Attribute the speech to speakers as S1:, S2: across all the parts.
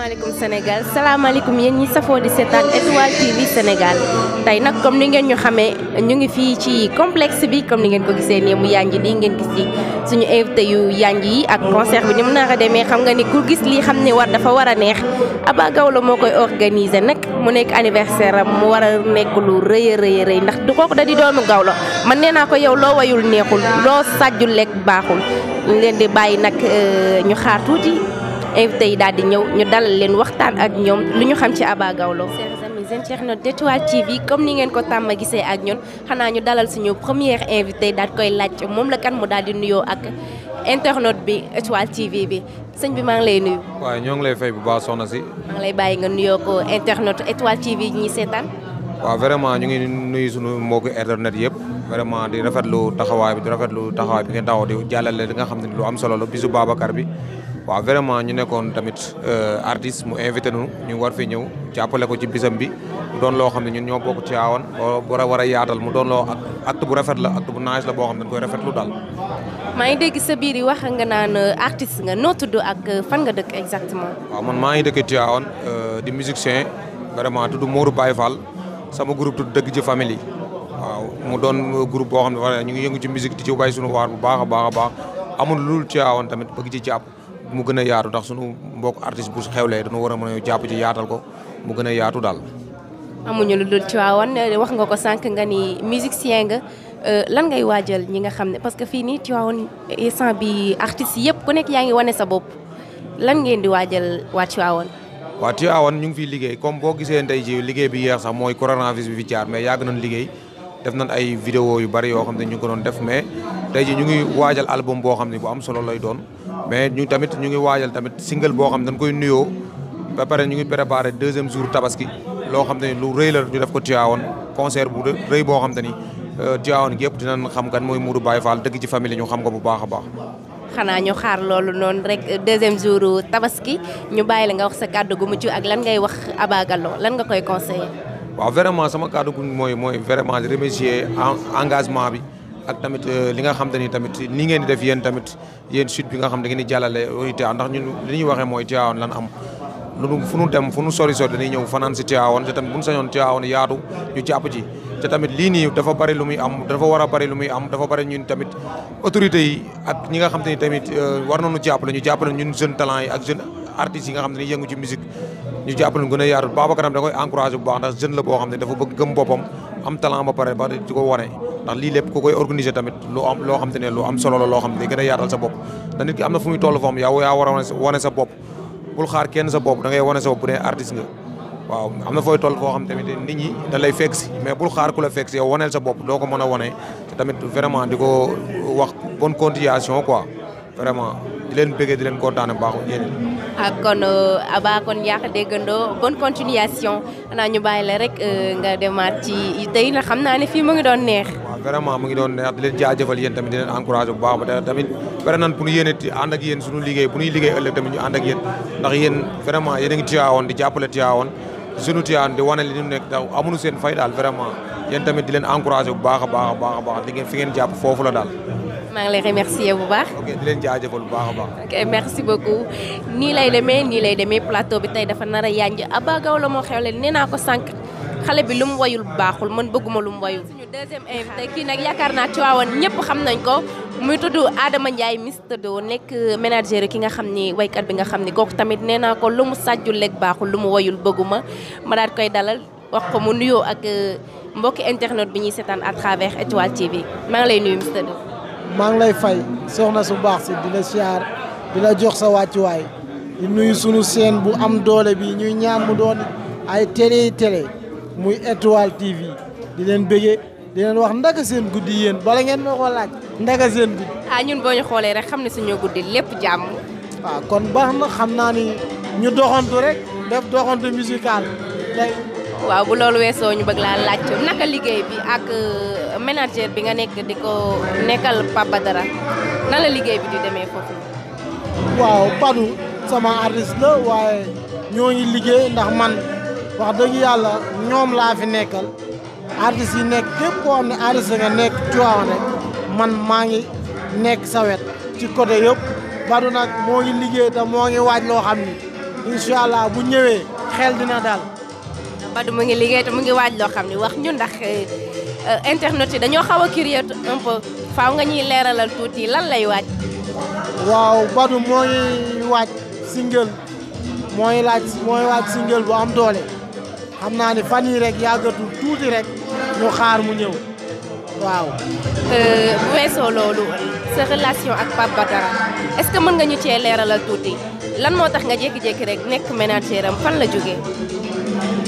S1: salaamaaleykum Sénégal salaamaaleykum yéen ñi safoo di seetaan Étoile TV Sénégal tey nag comme ni ngeen ñu xamee ñu ngi fii ci complexe bi comme ni ngeen ko gisee nii mu yanj nii ngeen gis ci suñu invité yu yanj yi ak concert bi ni mu nar a demee xam nga ni ku gis lii xam ne war dafa war a neex Aba Gawlo moo koy organiser nag mu nekk anniversaire am mu war a nekk lu rëy a rëy ndax du kooku da di doomu Gawlo man nee naa ko yow loo wayul neexul loo sàjjul lekk baaxul ñu leen di bàyyi nag euh, ñu xaar tuuti. invité yi daal di ñëw ñu dalal leen waxtaan ak ñoom lu ñu xam ci Aba Gawlo seen ceex na Detour TV comme ni ngeen ko tàmm gisee ak ñun xanaa ñu dalal suñu première invité daal koy laaj moom la kan mu daal di nuyoo ak internet bi Étoile TV bi sëñ bi maa ngi lay nuyu.
S2: waaye ñoo ngi lay fay bu ba soxna si. maa
S1: ngi lay bàyyi nga nuyoo ko internet Étoile TV ñi seetaan.
S2: waaw vraiment ñu ngi nuyu suñu mbokki internet yëpp vraiment di rafetlu taxawaay bi di rafetlu taxawaay bi ngeen taxaw di jàllale nga xam ne lu am solo la bisu Babacar bi. wa vraiment ñu nekkon tamit euh artiste mu invité nu ñu war fi ñëw jàppale ko ci bisam bi doon lo xamni ñun ñoo bokk ci awon bo a war yaatal mu doon lo acte bu rafet la acte bu nice la bo xamni ne dañ koy rafetlu daal.
S1: maa ngi dégg sa biir yi wax nga naan eh, artiste nga no tuddu ak eh, fan nga dëkk exactement. wa
S2: man ma ngi dëkk ci awon euh di musicien vraiment tuddu Mourou Baye Fall sama groupe tuddu Dëgg ji family waaw mu doon eh, groupe bo xamni ne ñu ngi yëngu ci musique di ci bay sunu war bu baaxa baaxa baax amul lu ci awon tamit bëgg ci jàpp. mu gën a yaatu ndax sunu mbokk artiste bu xewlee dañu war a mën a yaatal ko mu gën a yaatu daal.
S1: amuñu lu dul Tivaouane wax nga ko sànq nga ni musicien nga euh, lan ngay waajal ñi nga xam ne parce que fii nii Tivaouane instant bi artistes yëpp ku yaa ngi wane sa bopp lan ngeen di waajal waa Tivaouane.
S2: waa Tivaouane ñu ngi fi liggéey comme boo gisee tey ji liggéey bi yeex sax mooy coronavirus bi fi jaar mais yàgg nañ liggéey def nañ ay vidéo yu bari yoo xam ne ñu ngi ko doon def mais tey ji ñu ngi waajal album boo xam ne bu am solo lay doon. mais ñu tamit ñu ngi waajal tamit single boo xam dañ koy nuyoo ba pare ñu ngi préparé deuxième jour tabaski loo xam ne lu rëy la ñu def ko Tivaouane concert bu rëy boo xam te ni euh, Tivaouane gi yëpp dinañ xam kan mooy Modou Baye Fall dëgg ci famille ñu xam ko bu baax a
S1: xanaa ñu xaar loolu noonu rek deuxième jour tabaski ñu bàyyi la nga wax sa kàddu gu mujj ak lan ngay wax Aba Gallo lan nga koy conseiller.
S2: waaw vraiment sama kàddu gu mooy mooy vraiment remercier engagement bi. ak tamit euh, li nga xam ni tamit ni ngeen di def yeen tamit yeen suite bi nga xam da ngeen di jàllale euh, Tiwaawan ndax ñun li ñuy waxe moy tiawon lan am lu fu nu dem fu nu sori sori dañuy ñew fanaan si Tiwaawan te tamit buñu sañon tiawon yaatu ñu jàpp ci te tamit li ni dafa bari lu muy am dafa wara bari lu muy am dafa bari ñun tamit autorité yi ak ñi nga xam ni tamit euh, war nañu lañu japp jàppale ñun jeune talent yi ak jeune artiste yi nga xam ne yëngu ci musique ñu japp lañu gëna a yaatu Babacar da koy encourager bu baax ndax jeune la bo xam ne dafa bëgg gëm bopam am talent ba pare ba di ko waré ndax lii lépp ku koy organiser tamit lu am loo xam te ne lu am solo loo xam te gën a yaatal sa bopp te nit ki am na fu toll foo xam yaa yaa a wane sa bopp bul xaar kenn sa bopp da ngay wane sa bopp bu dee nga waaw am na fooy toll foo xam tamit nit ñi da lay fekk si mais bul xaar ku la fekk si yow waneel sa bopp doo ko mën a wane te tamit vraiment di ko wax bonne continuation quoi vraiment di leen bëggee di leen kontaane bu baax yéen
S1: ak ah, kon euh, Aba kon yaa déggandoo bonne continuation xanaa ñu bàyyi la rek euh, nga demaat ci tey na xam naa ne fii mu ngi doon neex.
S2: waaw vraiment mu ngi doon leen jaajëfal yéen tamit di leen encouragé bu baax ba tamit pare nan pour ñu liggéey bu ñuy liggéey ëllëg tamit ñu ànd ak yéen ndax yéen vraiment yéen a ngi di jàppale Tivaouane suñu Tivaouane di wane li ñu seen fay daal vraiment yéen tamit di leen encouragé bu baax a baax a baax fi ngeen jàpp foofu la daal
S1: maa ngi lay remercier bu baax. ok
S2: di leen jaajëfal bu baax a baax.
S1: ok merci beaucoup nii lay demee nii lay demee plateau bi tey dafa nar a yànj Abba Gawlo moo xewle nee naa ko sànq xale bi lu mu wayul baaxul man bëgguma lu mu wayul. suñu deuxième invité kii nag yaakaar naa ñëpp xam nañ ko muy tudd Adama Ndiaye Mister Do nekk manager ki nga xam ni waykat bi nga xam ni kooku tamit nee naa ko lu mu sàjjul lekk baaxul lu mu wayul bëgguma ma daal koy dalal wax ko mu nuyoo ak euh, mbokki internet bi ñuy seetaan à travers Étoile TV maa ngi lay nuyu Mister Do.
S3: maa lay fay soxna su baax si di la siyaar di la jox sa wàccuwaay di nuyu sunu seen bu am doole bi ñuy ñaan mu doon ay télé télé muy étoile TV di leen bëggee di leen wax ndaka seen guddi yéen bala ngeen ma laaj ndaka seen guddi.
S1: ah ñun boo xoolee rek xam ne suñu guddi lépp
S3: jàmm. waaw kon baax na xam ñu doxantu rek def doxantu musical
S1: waaw bu loolu weesoo ñu bëgg laa laaj naka liggéey ak euh, manager bi nga nekk di ko nekkal Pape Badara nan la liggéey bi di demee foofu.
S3: waaw Padu sama artiste la waaye ñoo liggéey ndax man wax dëgg yàlla ñoom laa fi nekkal artiste yi nekk képp koo xam ne artiste nga nekk Tivaouane man maa ngi nekk sawet wet ci côté yëpp Padu nag moo liggéey te moo ngi waaj loo xam ni incha allah bu ñëwee xel dina
S1: daal. Badou mu ngi liggéey te mu ngi waaj loo xam ne wax ñun ndax euh, internet yi dañoo xaw a curieux un peu faaw nga ñuy leeralal tuuti lan lay waaj.
S3: waaw Badou moo ngi waaj single mooy laaj mooy waaj single bu am doole xam naa ne fan yii rek yàggatul tuuti rek ñu xaar mu ñëw
S1: waaw. Euh, bu weesoo loolu ak Pape Badara est-ce que mën nga ñu cee leeralal tuuti lan moo tax nga jékki-jékki rek nekk ménagère am fan la jógee.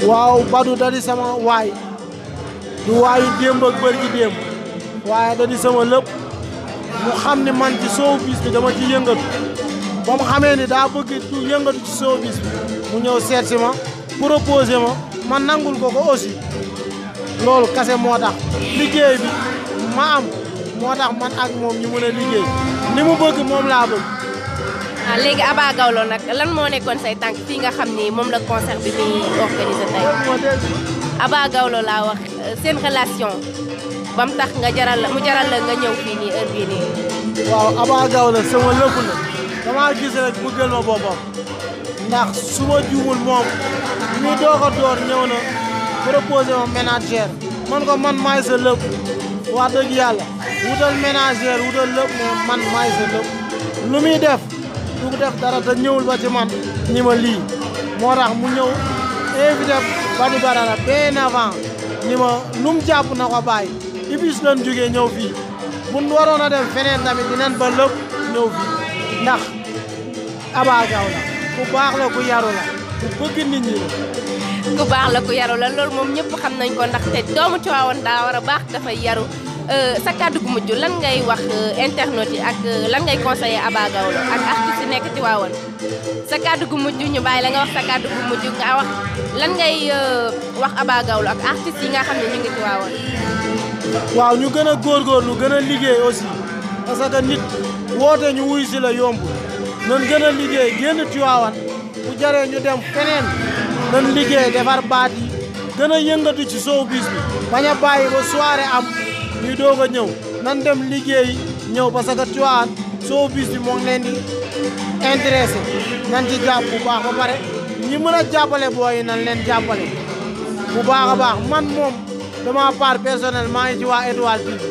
S3: waaw Badou da di sama waay du waayu démb ak bër gi waaye da sama lépp mu xam ni man ci showbiz bi dama ci yëngatu xamee ni daa bëgg du yëngatu ci mu ñëw seet si ma proposé ma ma nangul ko ko aussi loolu kase moo tax liggéey bi ma am moo tax man ak moom ñu mën a liggéey ni mu bëgg moom laa bëgg
S1: waaw ah, léegi Aba Gawlo nag lan moo nekkoon say tànk fii nga xam ni moom la concert bi muy organisé tey Aba Gawlo laa wax euh, seen relation bam tax nga jaral la mu jaral nga ñëw fii nii heure bii
S3: waaw Aba Gawlo sama lépp la damaa gis rek mu gël ndax su ma moom mi doog a ñëw na proposé ma ménagère man ko man maay sa lépp wax dëgg wutal ménagère wutal lépp man maay sa lépp lu def. du def dara te ñëwul ba ci man ñi ma lii moo tax mu ñëw invité Badi Badara bien avant ñi ma lu mu jàpp na wa bàyyi ibis lañ jógee ñëw fii buñ waroon a dem feneen tamit dinañ ba lépp ñëw fii ndax Aba Diaw ku baax la ku yaru la ku bëgg nit
S1: ñi baax la ku yaru la loolu moom ñëpp xam nañ ko ndax te doomu Tiwaawan daa war baax dafay yaru Euh, sa kàddu gu mujj lan ngay wax euh, internet yi ak euh, lan ngay conseiller Aba Gawlo ak artistes nekk ci waawoon sa kàddu gu mujj ñu bàyyi la nga wax sa gu mujj nga wax lan ngay wax Aba Gawlo ak artistes yi nga xam ne ñu ngi ci waawoon
S3: waaw ñu gën a góor góor lu gën a liggéey aussi parce que nit woote ñu wuy si la yomb nan gën a liggéey génn Tiwaawan bu jaree ñu dem feneen nan liggéey defar baat yi gën a yëngatu ci showbiz bi bañ a bàyyi ba soirée am ñu doog a ñëw nan dem liggéey ñëw parce que Tivaouane soo bis bi moo ngi leen di intéressé nan ci bu baax ba pare ñi mën a jàppale booy nan leen jàppale bu baax a baax man moom dama part personnel maa ngi ci waa étoile bi.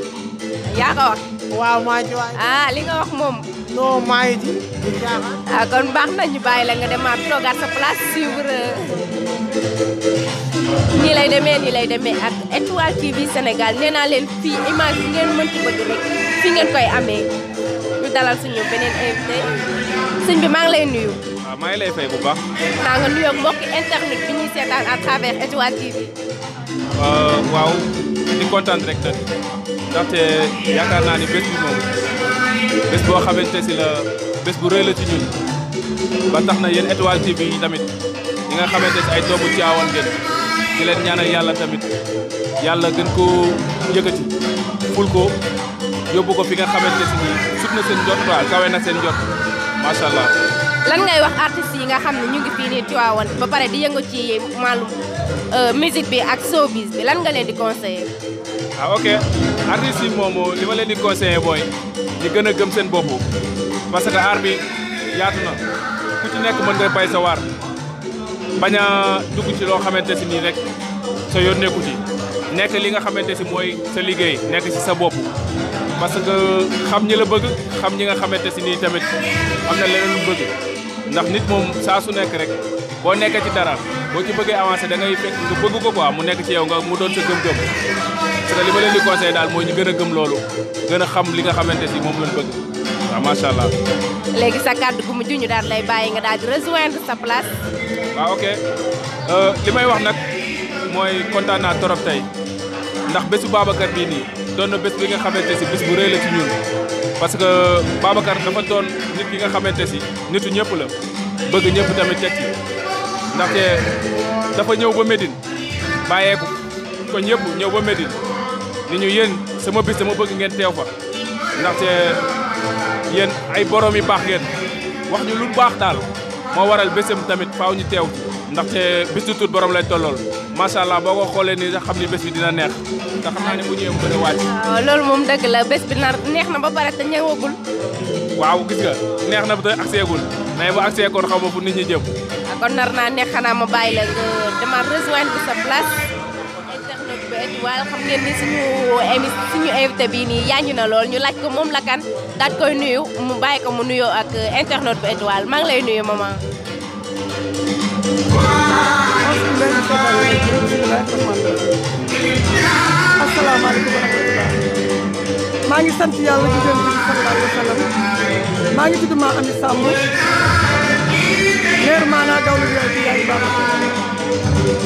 S4: yaa
S1: ko wax. waaw maa ngi ci waa. ah li wax moom. non maa ngi ci. ah kon baax na ñu bàyyi la nga demaat toogaat sa place suivre. nii lay demee nii lay demee ak Étoile TV Sénégal nee naa leen fii image bi ngeen mënti bëgg rek fi ngeen koy amee ñu dalal suñu beneen invité sëñ bi maa ngi lay nuyu. waaw
S5: maa ngi lay fay bu baax.
S1: naa nga nuyoog mbokki internet bi seetaan à travers Étoile
S5: euh, waaw di kontaan rek nag ndaxte yaakaar naa ni bés bi moom bés boo xamante si la bés bu rëy la ci ñun tax na yéen Étoile TV yi tamit ñi nga xamante si ay doomu Tivaouane ngeen. di leen ñaanal yàlla tamit yàlla gën ko yëkkati ful ko yóbbu ko fi nga xamante si nii sut na seen jot waaw kawe na seen jot macha allah.
S1: lan ngay wax artistes yi nga xam ne ñu ngi fii nii Tivaouane di yëngu ci malu euh, musique bi ak showbiz bi lan nga leen di conseiller.
S5: ah ok artistes yi moom di conseiller booy ñu gën a gëm seen bopp parce bi yaatu na ku ci nekk mën nga bay sa waar. bañ a dugg ci loo xamante si nii rek sa yoon nekku ci nekk li nga xamante si mooy sa liggéey nekk si sa bopp parce que xam ñi la bëgg xam ñi nga xamante si nii tamit am na leneen lu bëgg ndax nit moom saa su nekk rek boo nekkee ci dara boo ci bëggee avancé da nga bëgg ko quoi mu nekk ci yow nga mu doon sa gëm-gëm parce que li ma daal mooy ñu gën a gëm loolu gën a xam li nga xamante si moom lañ bëgg waaw macha allah.
S1: léegi sa kàddu gu mujj ñu daal lay bàyyi nga daal di rejoindre sa place. waaw
S5: ok euh, li may wax nag mooy kontaan naa torop tey ndax bésu Babacar bii nii doon na bés bi nga xamante si bés bu rëy la ci ñun. parce que Babacar dafa doon nit ki nga xamante si nitu ñëpp la bëgg ñëpp tamit teg ci ndaxte dafa ñëw ba Médine bàyyeeku ko ñëpp ñëw ba Médine ni ñu yéen sama bis dama bëgg ngeen teew fa ndaxte. yéen ay borom yi baax ngeen wax ñu lu baax daal moo waral bésam tamit faaw ñu teew ndaxte bés du tuut borom lay tollool macha allah boo ko xoolee nii sax xam ni bés bi dina neex te xam naa ne bu ñëwee mu bëri wàcc.
S1: waaw loolu moom dëgg la bés bi neex na ba pare te ñëwagul.
S5: waaw gis nga neex na ba tey agseegul mais bu agsee kon xaw ma fu nit ñi jëm.
S1: kon nar naa neex xanaa ma bàyyi la nga demaat rejoindre sa place. it well xam ngeen ni suñu émi suñu invité bii nii yaañu na lool ñu laaj ko moom la kan daat koy nuyu mu bàyyi ko mu nuyoo ak internet bu étoile maa ngi lay nuyu maman.
S4: maa ngi sant yàlla di leen di sallallahu maa ngi tudd maa leer maanaa baax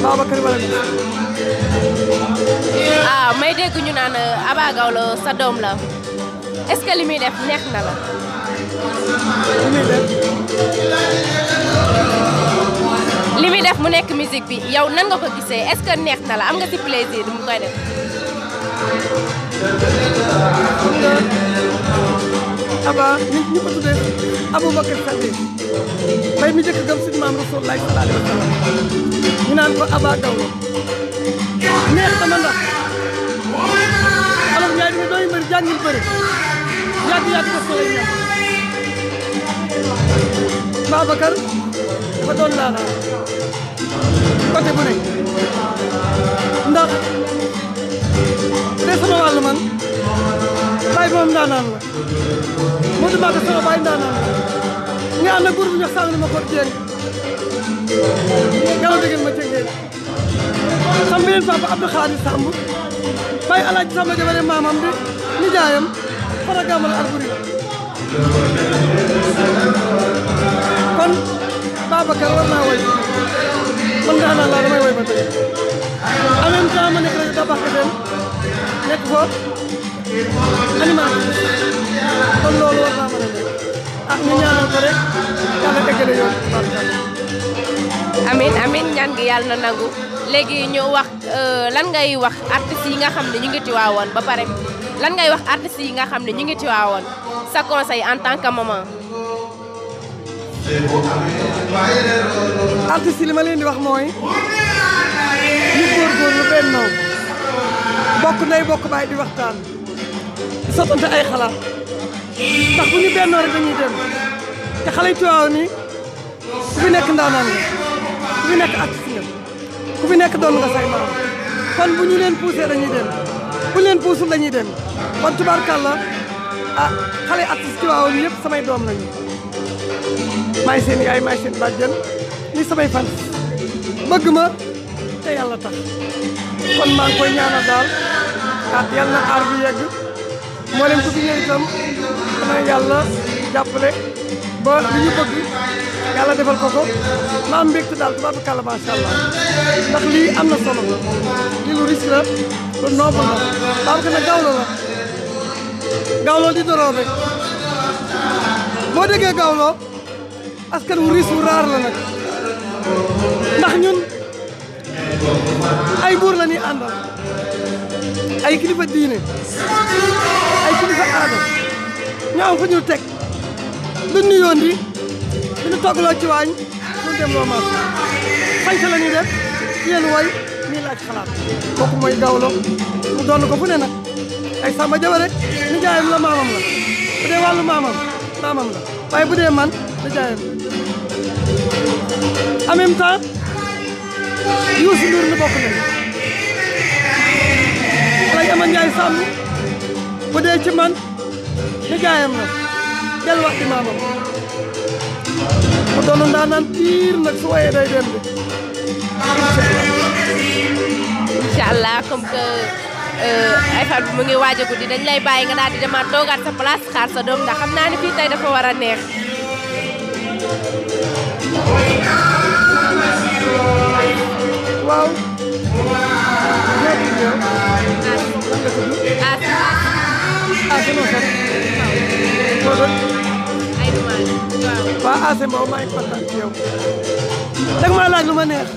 S4: Babacar wala mi.
S1: ah may dégg ñu naan euh, Aba Gawlo sa doom la est-ce que li muy def neex na la. li muy def. mu nekk musique bi yow nan nga ko gisee est-ce que neex na la am nga ci plaisir mu koy def.
S4: Aba nit ñi ko tuddee Aboubacar Saddiq mi njëkk gëm suñu maam Rasulullah wa sallam ñu naan Aba Daw neex dama ndax Olof Njaay mi dooyu mbëri jàngil bëri yàgg yàgg ko soxla ñam Babacar dafa doon laala côté bu ne ndax de sama wàllu man baay moom ndaanaan la Modou Mbacké sama baay ndaanaan la nga ànd ak góor ni ma ko jéng yàlla dëggal ma jéngeen sam beneen papa Abdou Khadir Samb baay alaaji Samba jabare maamam bi nijaayam fara gàmmal Alboury kon Babacar war naa woy man ndaanaan laa damay woy ba tey en même temps ma nekk nekk foofu animal kon loolu war naa mën a nekk ñaanal ko rek yàlla teggale
S1: amin amin ñaan gi yalla nangu léegi ñu wax eh, lan ngay wax artiste yi nga xam ñu ngi ci tiwaawoon ba pare lan ngay wax artiste yi nga xam ñu ngi ci tiwaawoon sa conseil en tant que maman.
S4: artiste li ma leen di wax moy ñu gor gor góorgóorlu benn bokk nay bokk bay di waxtan di sottante ay xalaat ndax bu ñu bennoo rek dañuy dem te xale yu Tiwaawan ni ku nekk ndaanaan nga ku fi nekk artiste nga ku doon nga say maam kon bu ñu leen poussé dañuy dem bu ñu leen puusul dañuy dem kon tubaarkàlla ah xale artiste Tiwaawan yëpp samay doom lañu maay seen yaay maay seen bàjjen ni samay fan bëgg ma te yàlla tax kon maa koy ñaanal daal ah yàlla na aar bi yegg mboolem ku fi ñëw itam dana yàlla ba li ñu bëgg yàlla defal ko ko ma am mbégte daal tubaab kàlla macha lii am na solo lii lu riche la lu noble la parce que nag la gawlo di doroo rek boo déggee gawlo askan wu riche wu raar la nag ndax ñun. ay buur la ñuy àndal ay kilifa diine ay kilifa aada ñu am fu ñu teg lu ñu yóondi lu ñu toggaloo ci waañ lu dem loo maas fañsa la ñuy def yéen way ñii laaj xalaat kooku mooy gawlo mu doon ko fu ne nag ay sàmba jabare ni jaayam la maamam la bu dee wàllu maamam maamam la waaye bu dee man ni jaayam en même Youssou Ndour ñu bokk nañu. Alaaji Ama Njaay bu dee ci man nijaayam la delluwaat ci maamam mu doon ndaanaan piir nag su wayee day dem de.
S1: incha allah comme euh, ay fan mu ngi waaj a guddi dañ lay bàyyi nga daal di demaat toogaat sa place xaar sa doom ndax xam naa ne fii tey dafa war a neex.
S4: waaw. waaw Asé maa ngi kontaan ci yow. dag ma laaj lu ma neex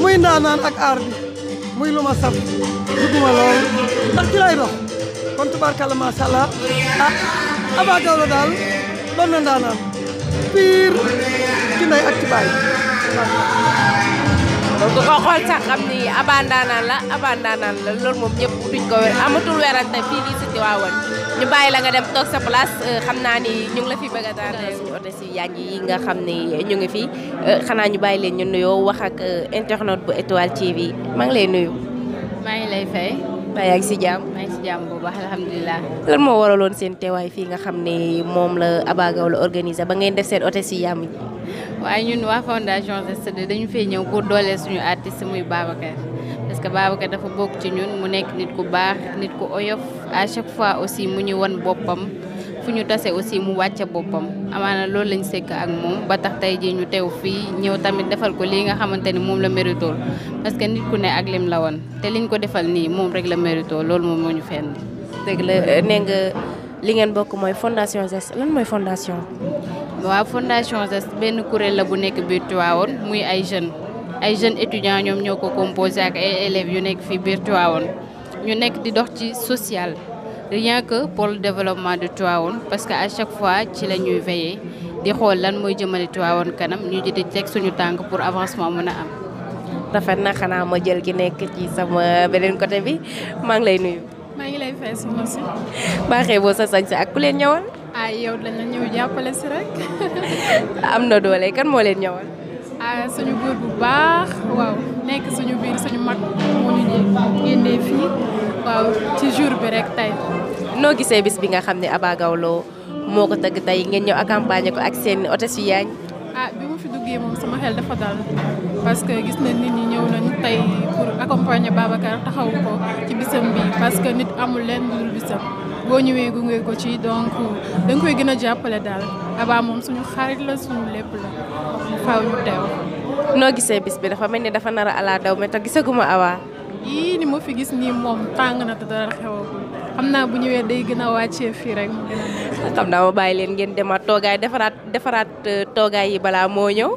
S4: muy ndaanaan ak aar bi muy lu ma saf dugguma ndax ci lay dox kon tubaarkàlla macha allah ah Aba Gawlo daal doon ndaanaan piir ci ak ci
S1: ku ko xool sax xam ni abandaanaan la abandaanaan la loolu moom ñëpp duñ ko amatul werante fii nii si Tiwaawan ñu bàyyi la nga dem toog sa place euh, xam naa ni ñu la fi bëgg a si yi nga xam ni ñu ngi fi euh, xanaa ñu bàyyi leen ñu nuyoo wax ak euh, internet bu Étoile TV maa ngi lay nuyu.
S6: maa ngi lay fay. yaa ngi si jàmm maa si jàmm bu baax alhamdulilah.
S1: moo waraloon seen teewaay fii nga xam ne moom la Aba Gaw la organisé ba ngay def seen oto si yàmm ji.
S6: waaye ñun waa fondation G2D dañu fee ñëw pour dooleel suñu artiste muy Babacar parce que Babacar dafa bokk ci ñun mu nekk nit ku baax nit ku oyof à chaque fois aussi mu ñu won boppam fu ñu tase aussi mu wàcce boppam amaana loolu lañ sekk ak moom ba tax tey jii ñu tew fii ñëw tamit defal ko lii nga xamante ni moom la méritool parce que nit ku ne ak lim la woon te liñ ko defal nii moom rek la méritool loolu moom moo ñu fenn.
S1: dëgg la nee nga li ngeen bokk mooy fondation Zest lan mooy fondation.
S6: waaw fondation Zest benn kuréel la bu nekk biir Tivaouane muy ay jeunes ay jeunes étudiants ñoom ñoo ko composé ak ay élèves yu nekk fii biir Tivaouane ñu nekk di dox ci social rien que pour le développement de Tivaouane parce que à chaque fois ci la ñuy veiller di xool lan mooy jëmale Tivaouane kanam ñu di teg suñu tànk pour avancement mën a am. rafet
S1: na xanaa ma jël gi nekk ci sama beneen côté bi maa ngi lay nuyu.
S6: maa ngi lay fay soxna si.
S1: baaxee boo sa sañse ak ku leen ñëwal.
S6: ah yow dañu ñëw jàppale si rek.
S1: am na doole kan moo leen ñëwal.
S6: ah suñu góor bu baax waaw nekk suñu biir suñu mag moo ñu génnee fii waaw ci jour bi rek tey.
S1: noo gisee bis bi nga xam ne Aba Gawlo moo ko tëgg tey ngeen ñëw accompagner ko ak seen hôtesse yu yaañ.
S6: ah bi mu fi duggee moom sama xel dafa dal. parce que gis na nit ñi ñëw nañu tey pour accompagner Babacar taxaw ko ci bisam bi parce que nit amul leen dul bisam boo ñëwee gunge ko ci donc da koy gën a jàppale daal Aba moom suñu xarit la suñu lépp la mu faaw ñu teew.
S1: noo gisee bis bi dafa mel ni dafa nara a ala daw mais te gisaguma Awa.
S6: yii ni ma fi gis nii moom tàng na te dara xewagul
S1: xam naa bu ñëwee day gën a wàccee fii rek mu gën a xam naa ma bàyyi leen ngeen demaat toogaay defaraat defaraat euh, toogaay yi balaa moo ñëw.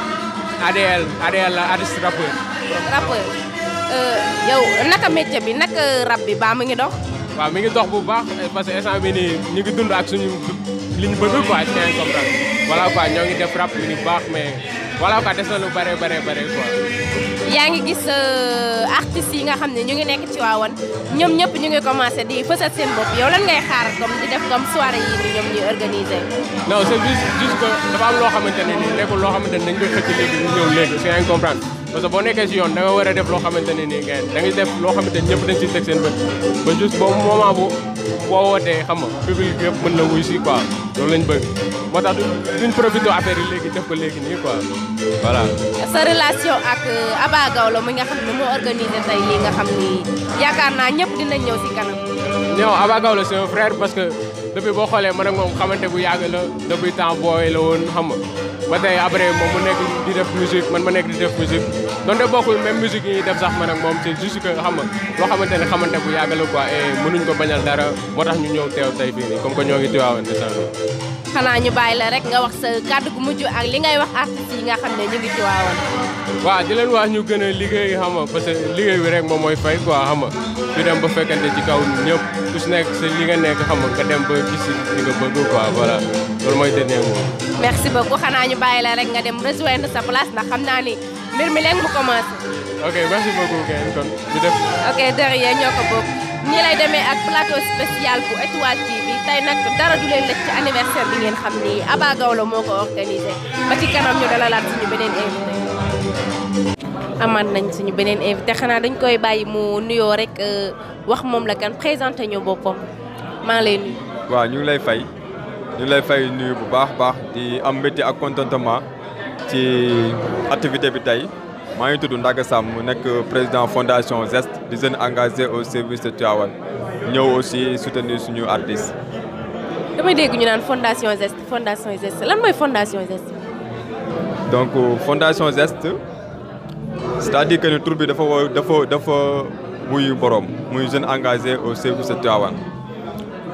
S7: ADL ADL la artiste rappeur.
S1: rappeur euh, yow naka métier bi naka rap bi baa mu ngi dox.
S7: waaw mi ngi dox bu baax eh, parce que instant bi nii ñu ngi dund ak suñu li ñu bëgg quoi si ngeen comprendre voilà quoi ñoo ngi def rap bi bu baax mais. voilà quoi des na lu bare bare bare
S1: yaa ngi gis euh, artistes yi nga xam ne ñu ngi nekk ci waawan ñoom ñëpp ñu ngi commencé di fësal seen bopp yow lan ngay xaar comme di def comme soirée yi ñoom ñuy organisé.
S7: non c'est juste juste que dafa am loo xamante ne nii nekkul loo xamante ne dañ koy xëcc léegi ñu ñëw léegi parce que boo nekkee si yoon da nga war a def loo xamante ne nii ngeen da nga def loo xamante ne ñëpp dañ siy teg seen bët ba juste boobu moment bu boo wootee xam nga public yëpp mën la wuy si quoi loolu lañ bëgg moo tax duñ profité affaire yi léegi def ko léegi nii quoi voilà. sa relation
S1: ak euh, Aba Gawlo mi nga xam ne moo organisé tey lii nga xam ni yaakaar naa ñëpp dinañ ñëw si kanam.
S7: ñëw Aba Gawlo c'est mon frère parce que depuis boo xoolee man ak moom xamante bu yàgg la depuis temps booy la woon ba tey après moom mu nekk di def musique man ma nekk di def musique donte bokkul même musique yi ñuy def sax man ak moom c'est juste que xam nga loo xamante ne xamante bu yàgg la quoi et mënuñ ko bañal dara moo tax ñu ñëw teew tey fii nii comme que ñoo ngi tiwaawan di sax
S1: xanaa ñu bàyyi la rek nga wax sa kàddu gu mujj ak li ngay wax artistes nga xam ne ñu ngi tiwaawan
S7: waaw di leen wax ñu gën a liggéey xam nga parce que liggéey bi rek moom mooy fay quoi xam nga ñu dem ci kaw ñëpp si nekk si li nga nekk xam mooy dernier
S1: merci beaucoup xanaa ñu bàyyi la rek nga dem rejoindre sa place ndax xam naa ni mbir mi léegi mu commencé.
S7: ok merci beaucoup
S1: Gaye ak plateau nag dara xam ni Aba Gawlo moo ko organisé suñu beneen invité. amaat nañ dañ koy bàyyi mu nuyoo rek euh, wax moom la kan présenté ñu boppam maa ngi lay nuyu.
S8: ñu lay fay. Nous avons fait nuyu bu baax baax di am metti ak contentement ci activité bi tay maa ngi Ndaga Sam nek président fondation Zest di jeune engagé au service de Nous ñeu aussi soutenir suñu artiste
S1: damay dégg ñu naan fondation Zest fondation Zest lan moy fondation Zest
S8: donc euh, fondation Zest c'est-à-dire que nous trouvons bi dafa dafa dafa wuyu borom muy jeune engagé au service de Tivaouane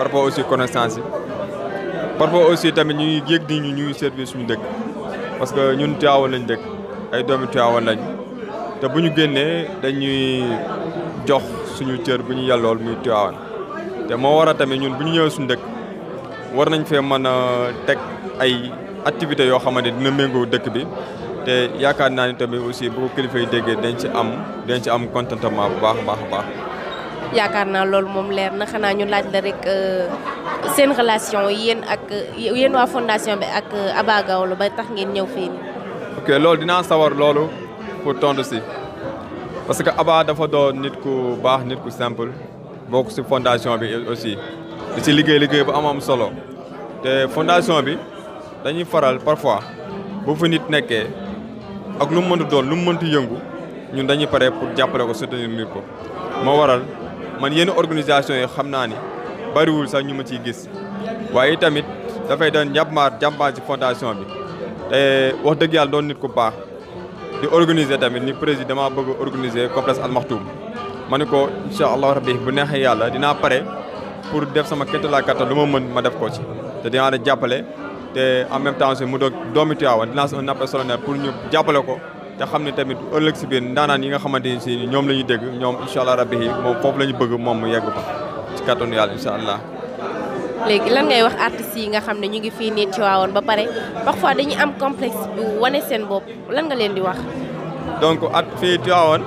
S8: par rapport aussi yi par rapport aussi tamit ñu ngi di ñu ñu service servir suñu dëkk parce que ñun Tivaouane lañ dëkk ay doomi Tivaouane lañ te bu ñu génnee dañuy jox suñu cër bu ñu yàllool muy Tivaouane te moo war a tamit ñun bu ñu ñëwee suñu dëkk war nañ fee mën a teg ay activités yoo xamante ne dina méngoo dëkk bi te yaakaar naa ni tamit aussi bu ko kilifa yi déggee dañ ci am dañ ci am contentement bu baax a baax a baax
S1: yaakaar naa loolu moom leer na xanaa ñu laaj la rek euh, seen relation yéen ak yéen waa fondation bi ak euh, Aba Gawlo ba tax ngeen ñëw fii
S8: ok loolu dinaa sawar loolu pour tontu si parce que Aba dafa doon nit ku baax nit ku simple bokk si fondation bi aussi di si liggéey liggéey bu am solo te fondation bi dañuy faral parfois bu fi nit nekkee ak lu mu mënti doon lu mu mënti yëngu ñun dañuy pare pour jàppale ko soutenir ko moo waral. man yenn organisation yi xam naa ni bariwul sax ñu ma ciy gis waaye tamit dafay doon jàmbaar jàmbaar ci fondation bi te wax dëgg yàlla doon nit ku baax di organiser tamit ni président dama bëgg organiser complexe Al Maktoum ma ne ko incha allah rabbi bu neexee yàlla dinaa pare pour def sama kéemtalaay kattan lu ma mën ma def ko ci te dinaa la jàppale te en même temps aussi mu doog doomi Tivaouane dinaa si un appel solennel pour ñu jàppale ko te xam ne tamit ëllëg ndaanaan yi nga xamante ni si ñoom la ñuy dégg ñoom incha allah rabbi moom foofu la ñu bëgg moom mu yegg fa ci kàttanu yàlla incha allah.
S1: léegi lan ngay wax artistes yi nga xam ne ñu ngi fii nii Tivaouane ba pare parfois dañuy am complexe bu wane seen bopp lan nga leen di wax.
S8: donc at fii Tivaouane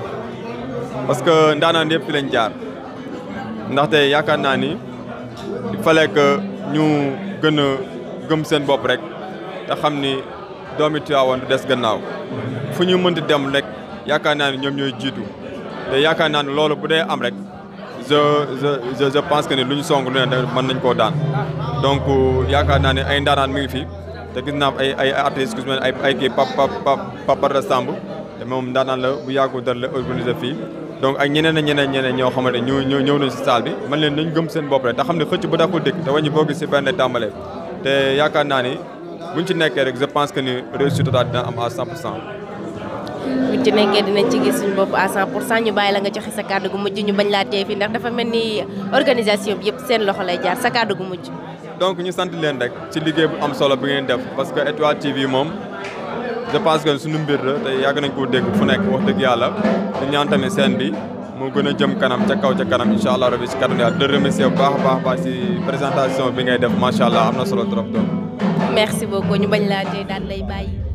S8: parce que ndaanaan yëpp fi lañ jaar ndaxte yaakaar naa ni il fallait ñu gën a gëm seen bopp rek te ni. doomi Tiwaawan du des gannaaw fu ñu mënti dem rek yaakaar naa ne ñoom ñooy jiitu te yaakaar naa ne loolu bu dee am rek je je je pense que ni lu ñu song lu ne mën nañ koo daan donc yaakaar naa ne ay ndaanaan mi fi te gis naa ay ay artistes yu mel ay ay kii Pape Pape Pape Samb te moom ndaanaan la bu yàggu dara la organiser fii. donc ak ñeneen ak ñeneen ñeneen ñoo xamante ñu ñu ñëw nañ si salle bi man leen nañ gëm seen bopp rek te xam ne xëcc bu dàqul dëkk te wàññi boo gis si benn bu ñu ci nekkee rek je pense que ni réussite totale dina am à pour cent.
S1: bu ñu ci nekkee dinañ ci gis suñu bopp à 100 pour cent ñu bàyyi la nga joxe sa kàddu gu mujj ñu bañ laa tee fii ndax dafa mel ni organisation bi yëpp seen loxo lay jaar sa kàddu gu mujj.
S8: donc ñu sant leen rek ci liggéey bu am solo bi ngeen def parce que Étoile TV moom je pense que suñu mbir la te yàgg nañ koo dégg fu nekk wax dëgg yàlla te ñaan seen bi. moo gën a jëm kanam ca kaw ca kanam incha allah bi ngay def macha allah am na solo trop trop.
S1: merci beaucoup ñu bañ laa téye daan lay bàyyi.